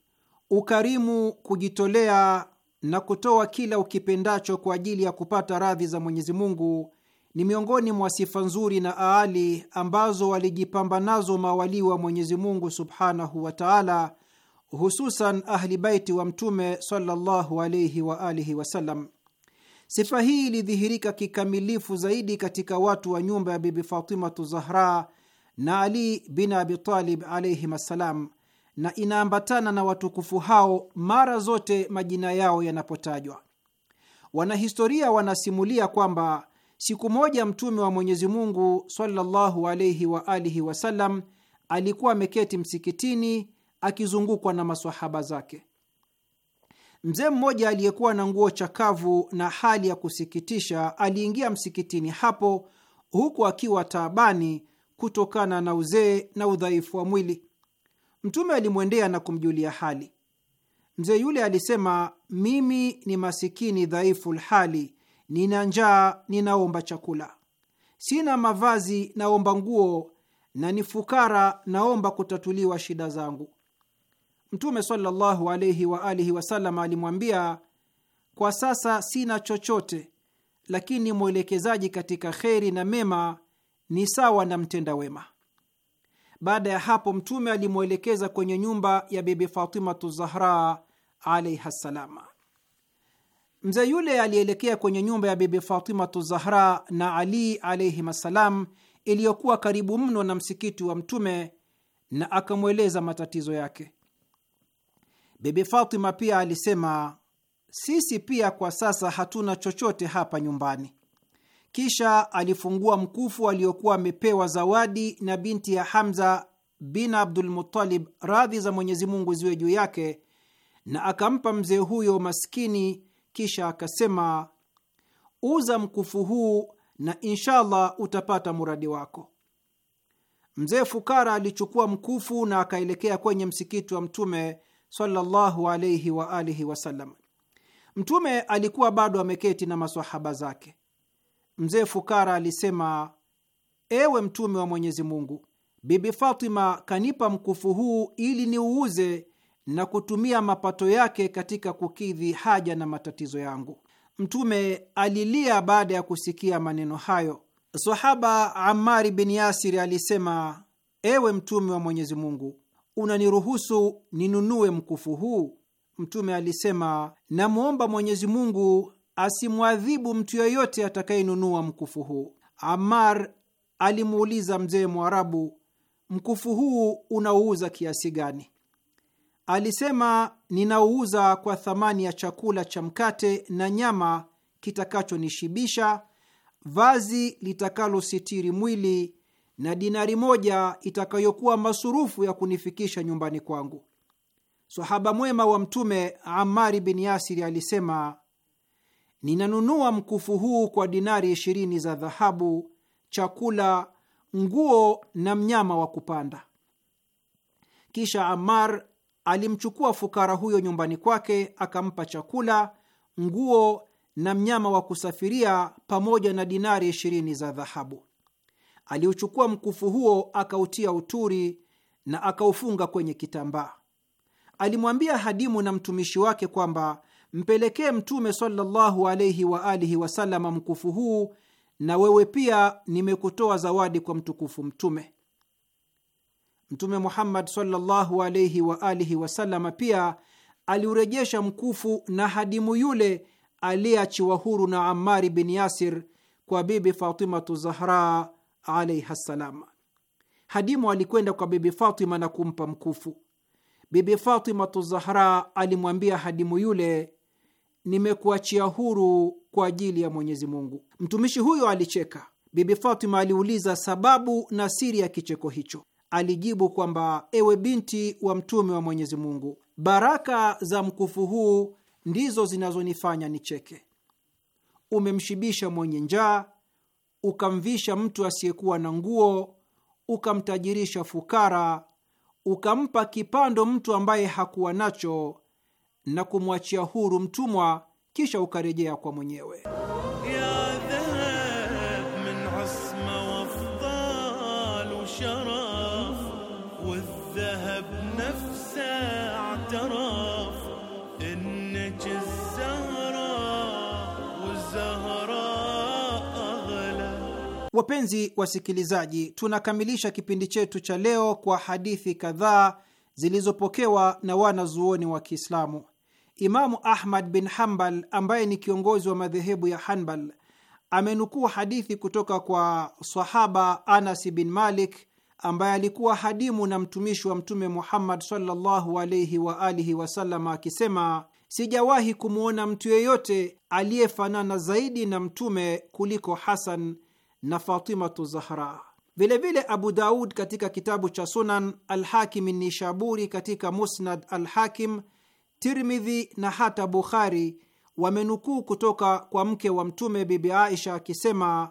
ukarimu, kujitolea na kutoa kila ukipendacho kwa ajili ya kupata radhi za Mwenyezi Mungu ni miongoni mwa sifa nzuri na aali ambazo walijipamba nazo mawali wa Mwenyezi Mungu subhanahu wa taala, hususan Ahli Baiti wa Mtume sallallahu alaihi wa alihi wasallam. Sifa hii ilidhihirika kikamilifu zaidi katika watu wa nyumba ya Bibi Fatimatu Zahra na Ali bin Abitalib alaihim assalam, na inaambatana na watukufu hao mara zote majina yao yanapotajwa. Wanahistoria wanasimulia kwamba Siku moja Mtume wa Mwenyezi Mungu sallallahu alayhi wa alihi wasallam alikuwa ameketi msikitini akizungukwa na masahaba zake. Mzee mmoja aliyekuwa na nguo chakavu na hali ya kusikitisha aliingia msikitini hapo huku akiwa taabani kutokana na uzee na udhaifu wa mwili. Mtume alimwendea na kumjulia hali. Mzee yule alisema, mimi ni masikini dhaifu lhali nina njaa, ninaomba chakula, sina mavazi, naomba nguo, na ni fukara, naomba kutatuliwa shida zangu. Mtume sallallahu alaihi wa alihi wasallam alimwambia, kwa sasa sina chochote, lakini mwelekezaji katika kheri na mema ni sawa na mtenda wema. Baada ya hapo, Mtume alimwelekeza kwenye nyumba ya Bibi Fatimatu Zahra alaihi ssalama. Mzee yule alielekea kwenye nyumba ya Bibi Fatimatu Zahra na Ali alayhim assalam, iliyokuwa karibu mno na msikiti wa Mtume, na akamweleza matatizo yake. Bibi Fatima pia alisema, sisi pia kwa sasa hatuna chochote hapa nyumbani. Kisha alifungua mkufu aliyokuwa amepewa zawadi na binti ya Hamza bin Abdul Muttalib, radhi za Mwenyezi Mungu ziwe juu yake, na akampa mzee huyo maskini kisha akasema, uza mkufu huu na inshallah utapata muradi wako. Mzee Fukara alichukua mkufu na akaelekea kwenye msikiti wa Mtume sallallahu wa alihi wasallam. Mtume alikuwa bado ameketi na masahaba zake. Mzee Fukara alisema, ewe Mtume wa Mwenyezi Mungu, Bibi Fatima kanipa mkufu huu ili niuuze na kutumia mapato yake katika kukidhi haja na matatizo yangu. Mtume alilia baada ya kusikia maneno hayo. Sahaba Amari bin Yasiri alisema, ewe Mtume wa Mwenyezi Mungu, unaniruhusu ninunue mkufu huu? Mtume alisema, namwomba Mwenyezi Mungu asimwadhibu mtu yoyote atakayenunua mkufu huu. Amar alimuuliza mzee Mwarabu, mkufu huu unauuza kiasi gani? Alisema, ninauuza kwa thamani ya chakula cha mkate na nyama kitakachonishibisha, vazi litakalositiri mwili na dinari moja itakayokuwa masurufu ya kunifikisha nyumbani kwangu. Sahaba mwema wa Mtume Amari bin Yasiri alisema, ninanunua mkufu huu kwa dinari ishirini za dhahabu, chakula, nguo na mnyama wa kupanda. Kisha Amar alimchukua fukara huyo nyumbani kwake, akampa chakula, nguo na mnyama wa kusafiria pamoja na dinari ishirini za dhahabu. Aliuchukua mkufu huo akautia uturi na akaufunga kwenye kitambaa. Alimwambia hadimu na mtumishi wake kwamba mpelekee Mtume sallallahu alaihi wa alihi wasalama mkufu huu, na wewe pia nimekutoa zawadi kwa mtukufu Mtume. Mtume Muhammad sallallahu alaihi wa alihi wasalama pia aliurejesha mkufu na hadimu yule aliyeachiwa huru na Amari bin Yasir kwa Bibi Fatimatu Zahra alaiha ssalam. Hadimu alikwenda kwa Bibi Fatima na kumpa mkufu. Bibi Fatimatu Zahra alimwambia hadimu yule, nimekuachia huru kwa ajili ya Mwenyezi Mungu. Mtumishi huyo alicheka. Bibi Fatima aliuliza sababu na siri ya kicheko hicho alijibu kwamba ewe binti wa mtume wa Mwenyezi Mungu, baraka za mkufu huu ndizo zinazonifanya nicheke. Umemshibisha mwenye njaa, ukamvisha mtu asiyekuwa na nguo, ukamtajirisha fukara, ukampa kipando mtu ambaye hakuwa nacho, na kumwachia huru mtumwa, kisha ukarejea kwa mwenyewe. Wapenzi wasikilizaji, tunakamilisha kipindi chetu cha leo kwa hadithi kadhaa zilizopokewa na wanazuoni wa Kiislamu. Imamu Ahmad bin hambal ambaye ni kiongozi wa madhehebu ya Hanbal amenukuu hadithi kutoka kwa sahaba Anas bin Malik ambaye alikuwa hadimu na mtumishi wa Mtume Muhammad sallallahu alaihi wa alihi wasallam akisema, sijawahi kumwona mtu yeyote aliyefanana zaidi na Mtume kuliko Hasan na Fatimatu Zahra. Vilevile Abu Daud katika kitabu cha Sunan, Alhakimi Nishaburi katika Musnad Alhakim, Tirmidhi na hata Bukhari wamenukuu kutoka kwa mke wa Mtume Bibi Aisha akisema,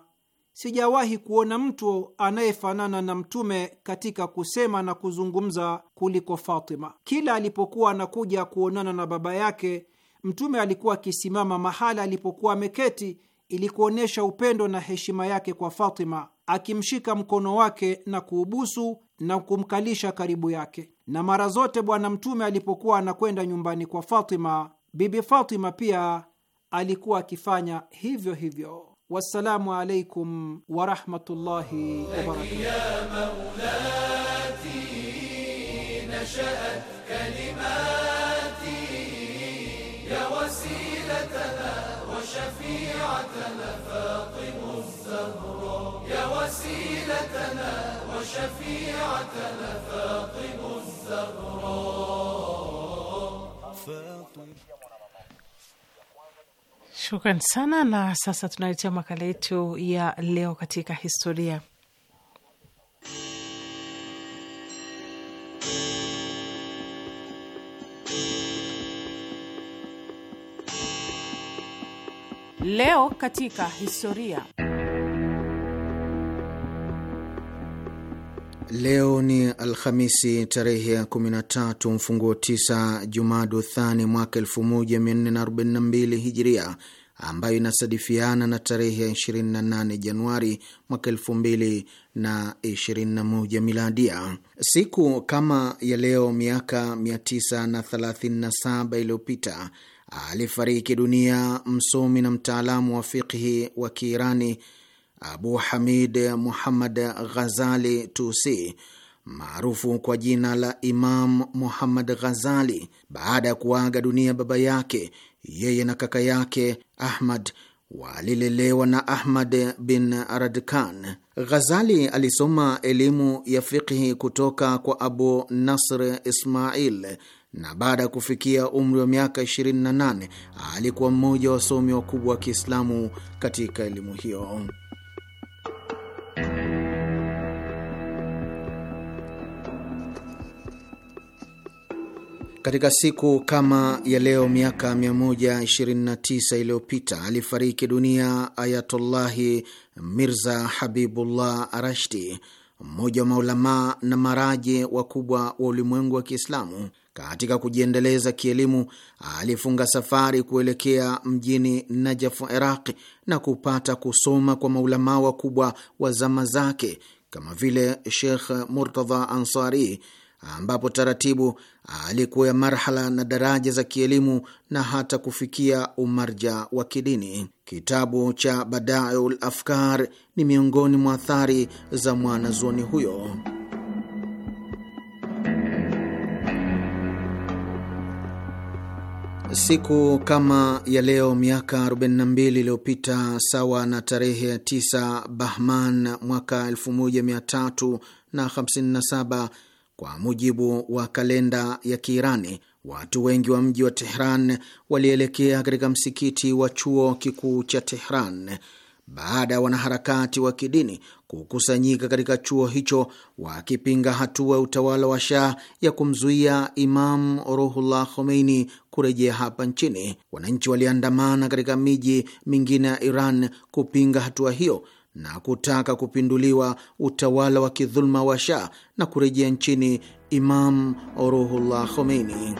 sijawahi kuona mtu anayefanana na Mtume katika kusema na kuzungumza kuliko Fatima. Kila alipokuwa anakuja kuonana na baba yake, Mtume alikuwa akisimama mahala alipokuwa ameketi ili kuonyesha upendo na heshima yake kwa Fatima, akimshika mkono wake na kuubusu na kumkalisha karibu yake. Na mara zote Bwana Mtume alipokuwa anakwenda nyumbani kwa Fatima, Bibi Fatima pia alikuwa akifanya hivyo hivyo. Wassalamu alaikum warahmatullahi wabarakatuh. شفيعتنا فاطم الزهراء يا وسيلتنا وشفيعتنا فاطم الزهراء Shukran sana na sasa tunaletea makala yetu ya leo katika historia. Leo katika historia. Leo ni Alhamisi tarehe ya 13 mfunguo 9 Jumada Thani mwaka 1442 Hijria, ambayo inasadifiana na tarehe ya 28 Januari mwaka 2021 Miladia. Siku kama ya leo miaka 937 iliyopita alifariki dunia msomi na mtaalamu wa fiqhi wa Kiirani Abu Hamid Muhammad Ghazali Tusi, maarufu kwa jina la Imam Muhammad Ghazali. Baada ya kuaga dunia baba yake, yeye na kaka yake Ahmad walilelewa na Ahmad bin Radkan. Ghazali alisoma elimu ya fiqhi kutoka kwa Abu Nasr Ismail na baada ya kufikia umri wa miaka 28 alikuwa mmoja wa wasomi wakubwa wa Kiislamu katika elimu hiyo. Katika siku kama ya leo miaka 129 iliyopita alifariki dunia Ayatullahi Mirza Habibullah Rashti, mmoja wa maulamaa na maraji wakubwa wa ulimwengu wa Kiislamu. Katika kujiendeleza kielimu, alifunga safari kuelekea mjini Najafu, Iraqi, na kupata kusoma kwa maulamaa wakubwa wa zama zake kama vile sheikh Murtadha Ansari, ambapo taratibu alikuwa marhala na daraja za kielimu na hata kufikia umarja wa kidini. Kitabu cha Badaiul Afkar ni miongoni mwa athari za mwanazuoni huyo. Siku kama ya leo miaka 42 iliyopita, sawa na tarehe ya 9 Bahman mwaka 1357 kwa mujibu wa kalenda ya Kiirani, watu wengi wa mji wa Tehran walielekea katika msikiti wa chuo kikuu cha Tehran baada ya wanaharakati wa kidini kukusanyika katika chuo hicho wakipinga hatua ya utawala wa Shah ya kumzuia Imam Ruhullah Khomeini kurejea hapa nchini. Wananchi waliandamana katika miji mingine ya Iran kupinga hatua hiyo na kutaka kupinduliwa utawala wa kidhuluma wa Shah na kurejea nchini Imam Ruhullah Khomeini.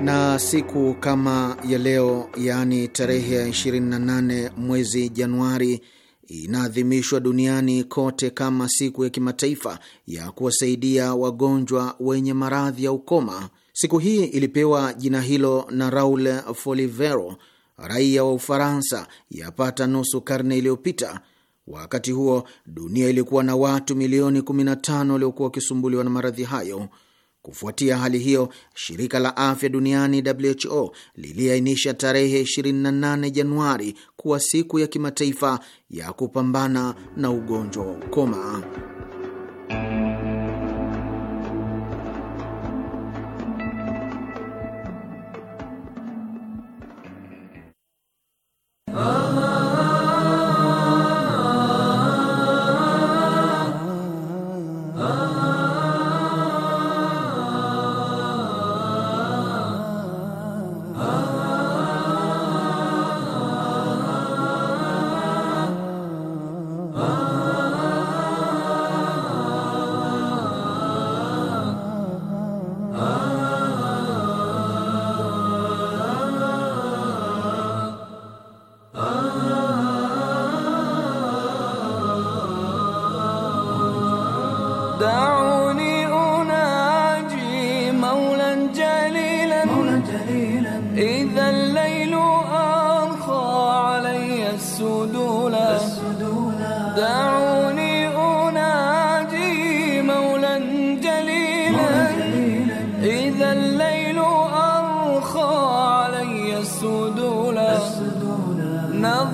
na siku kama ya leo, yaani tarehe ya 28 mwezi Januari, inaadhimishwa duniani kote kama siku ya kimataifa ya kuwasaidia wagonjwa wenye maradhi ya ukoma. Siku hii ilipewa jina hilo na Raul Folivero, raia wa Ufaransa, yapata nusu karne iliyopita. Wakati huo dunia ilikuwa na watu milioni 15 waliokuwa wakisumbuliwa na maradhi hayo. Kufuatia hali hiyo, shirika la afya duniani WHO liliainisha tarehe 28 Januari kuwa siku ya kimataifa ya kupambana na ugonjwa wa ukoma.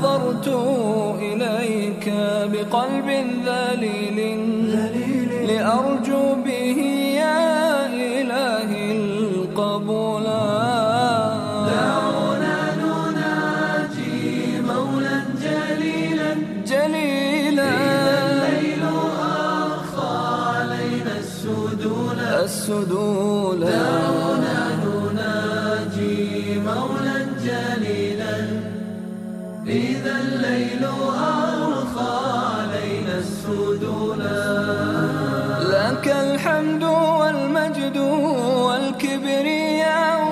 نظرت إليك بقلب ذليل لأرجو به يا إلهي القبول دعونا نناجي مولا جليلا جليلا الليل أخفى علينا السدود الحمد والمجد والكبرياء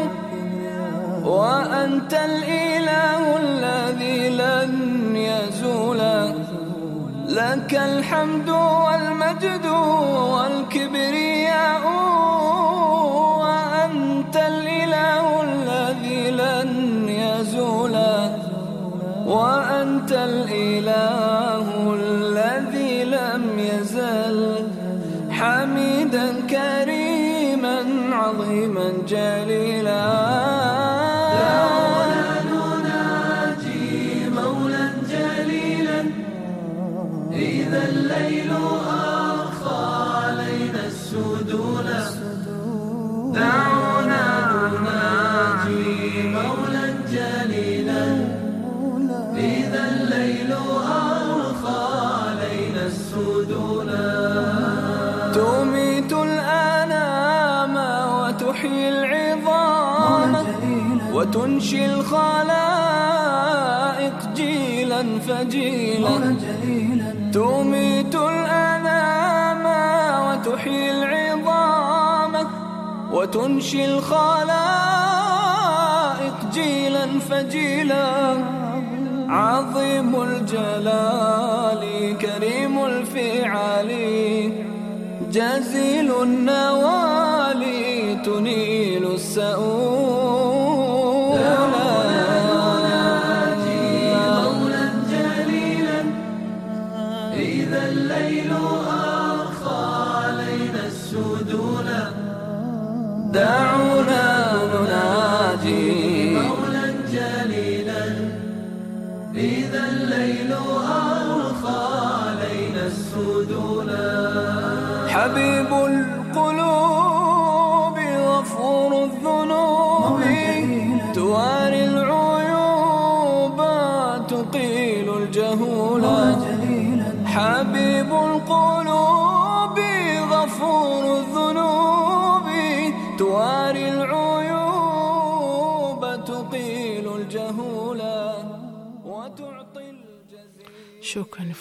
وأنت الإله الذي لن يزول لك الحمد والمجد والكبرياء وأنت الإله الذي لن يزول وأنت الإله الرجال تنشي الخلائق جيلا فجيلا تميت الأنام وتحيي العظام وتنشي الخلائق جيلا فجيلا عظيم الجلال كريم الفعال جزيل النوال تنيل السؤول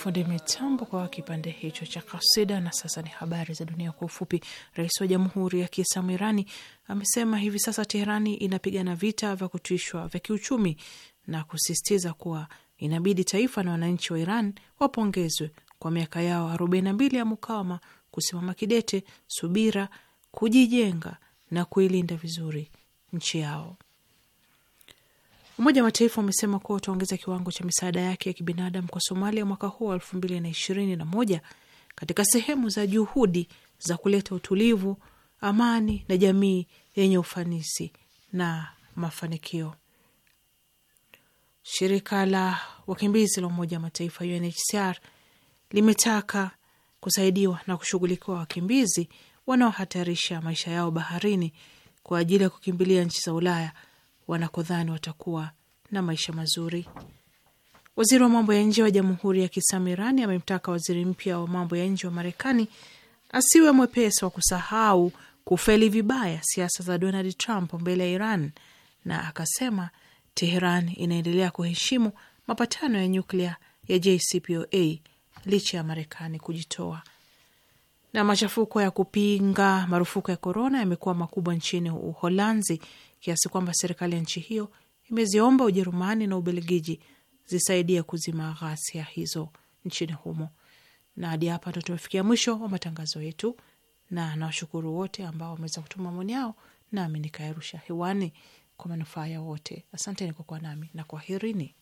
fundi mitambo kwa kipande hicho cha kasida. Na sasa ni habari za dunia kwa ufupi. Rais wa Jamhuri ya Kiislamu Irani amesema hivi sasa Teherani inapigana vita vya kutishwa vya kiuchumi na kusisitiza kuwa inabidi taifa na wananchi wa Iran wapongezwe kwa miaka yao arobaini na mbili ya mukawama, kusimama kidete, subira, kujijenga na kuilinda vizuri nchi yao. Umoja wa Mataifa umesema kuwa utaongeza kiwango cha misaada yake ya kibinadamu kwa Somalia mwaka huu wa elfu mbili na ishirini na moja katika sehemu za juhudi za kuleta utulivu, amani na jamii yenye ufanisi na mafanikio. Shirika la wakimbizi la Umoja wa Mataifa UNHCR limetaka kusaidiwa na kushughulikiwa wakimbizi wanaohatarisha maisha yao baharini kwa ajili ya kukimbilia nchi za Ulaya wanakodhani watakuwa na maisha mazuri. Waziri wa mambo ya nje wa Jamhuri ya Kiislamu Irani amemtaka waziri mpya wa mambo ya nje wa Marekani asiwe mwepesi wa kusahau kufeli vibaya siasa za Donald Trump mbele ya Iran, na akasema Teheran inaendelea kuheshimu mapatano ya nyuklia ya JCPOA licha ya Marekani kujitoa. Na machafuko ya kupinga marufuku ya korona yamekuwa makubwa nchini Uholanzi kiasi kwamba serikali ya nchi hiyo imeziomba Ujerumani na Ubelgiji zisaidia kuzima ghasia hizo nchini humo. Na hadi hapa ndo tumefikia mwisho wa matangazo yetu, na nawashukuru wote ambao wameweza kutuma maoni yao nami nikaerusha hewani kwa manufaa ya wote. Asanteni kwa kuwa nami na kwaherini.